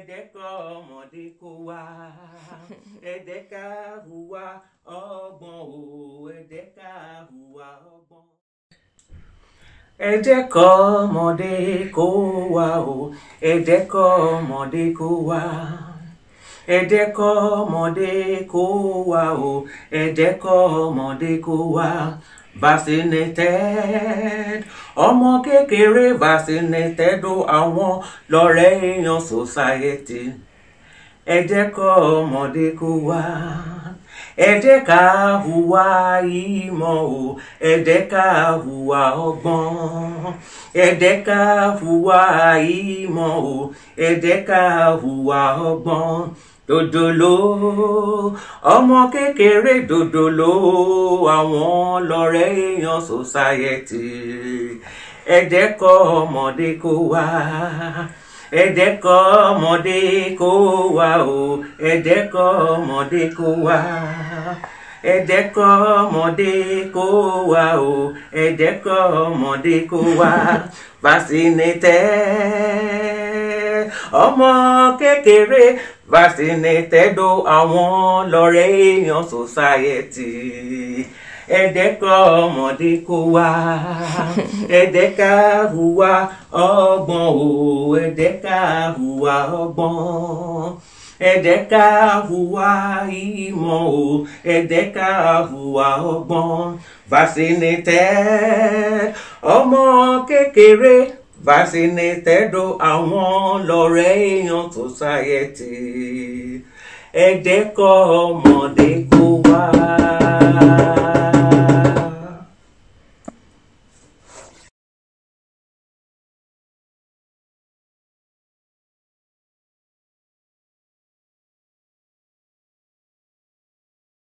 Edeko ọmọdé kó wá ẹ̀ẹ́dẹ́ka hùwà ọgbọ́n o ẹ̀ẹ́dẹ́ka hùwà ọgbọ́n. ẹ̀ẹ́dẹ́kọ̀ ọmọdé kó wá o ẹ̀ẹ́dẹ́kọ̀ ọmọdé kó wá ẹ̀ẹ́dẹ́kọ̀ ọmọdé o ẹ̀ẹ́dẹ́kọ̀ ọmọdé kó vaccinated. ọmọ kékeré vaccinated àwọn lọ́rẹ́ èèyàn society ẹ jẹ́ kọ́ ọmọdé kó wá ẹ jẹ́ ká hùwà ìmọ̀ o ẹ jẹ́ ká hùwà ọgbọ́n ẹ jẹ́ ká hùwà ìmọ̀ o ẹ jẹ́ ká hùwà ọgbọ́n dòdòló ọmọ kékeré dòdòló àwọn lọ̀rẹ́ èèyàn society ẹ̀dẹ́kọ̀ ọmọdé kó wá ẹ̀dẹ́kọ̀ ọmọdé kó wá o ẹ̀dẹ́kọ̀ ọmọdé kó wá ẹ̀dẹ́kọ̀ ọmọdé kó wá o ẹ̀dẹ́kọ̀ ọmọdé kó wá fascinated ọmọ kékeré fascinated o àwọn lọ́rẹ́ èèyàn society ẹ̀ẹ́dẹ́kọ̀ ọmọdé kó wá ẹ̀ẹ́dẹ́ka hùwà ọgbọ́n o ẹ̀ẹ́dẹ́ka hùwà ọgbọ́n ẹ̀ẹ́dẹ́ka hùwà ìmọ̀ o ẹ̀ẹ́dẹ́ka hùwà ọgbọ́n fascinated ọmọ kékeré fasinatedo àwọn lọ̀rẹ́ èèyàn society ẹ̀dẹ́kọ̀ ọmọdé kó